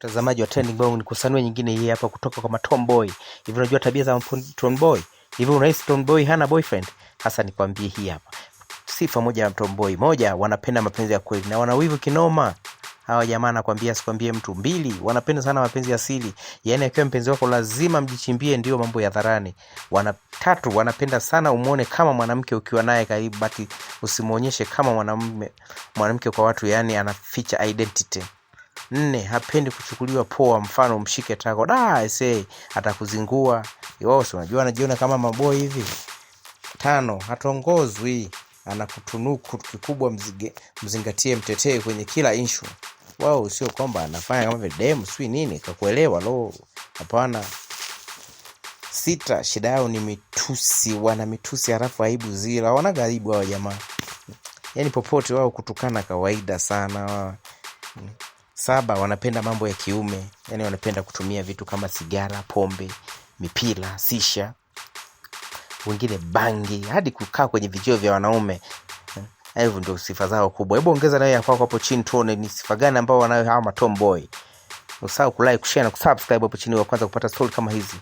Mtazamaji wa Trending Bongo ni kusanua nyingine hii hapa kutoka kwa Tomboy. Hivi unajua tabia za Tomboy? Hivi unahisi Tomboy hana boyfriend? Hasa nikwambie hii hapa. Sifa moja ya Tomboy. Moja, wanapenda mapenzi ya kweli na wana wivu kinoma. Hawa jamaa nakwambia sikwambie mtu. Mbili, wanapenda sana mapenzi ya asili. Yaani akiwa mpenzi wako lazima mjichimbie ndio mambo ya dharani. Wana tatu, wanapenda sana umuone kama mwanamke ukiwa naye karibu, bati usimuonyeshe kama mwanamume mwanamke kwa watu, yaani anaficha identity. Nne, hapendi kuchukuliwa poa, mfano mshike tako da ese atakuzingua. Iwao si unajua anajiona kama maboi hivi. Tano, hatongozwi anakutunuku kikubwa, mzige, mzingatie mtetee kwenye kila inshu. Wao sio kwamba anafanya kama vile demu sui nini kakuelewa lo, hapana. Sita, shida yao ni mitusi, wana mitusi halafu aibu zira, wana garibu hao jamaa, yani popote wao kutukana kawaida sana. Saba, wanapenda mambo ya kiume, yani wanapenda kutumia vitu kama sigara, pombe, mipira, sisha wengine bangi, hadi kukaa kwenye vijio vya wanaume. Eh, hivo ndio sifa zao kubwa. Hebu ongeza nayo yakwako hapo chini tuone ni sifa gani ambao wanayo hawa matomboy. usaa kulai kushare na kusubscribe hapo chini, wa kwanza kupata stori kama hizi.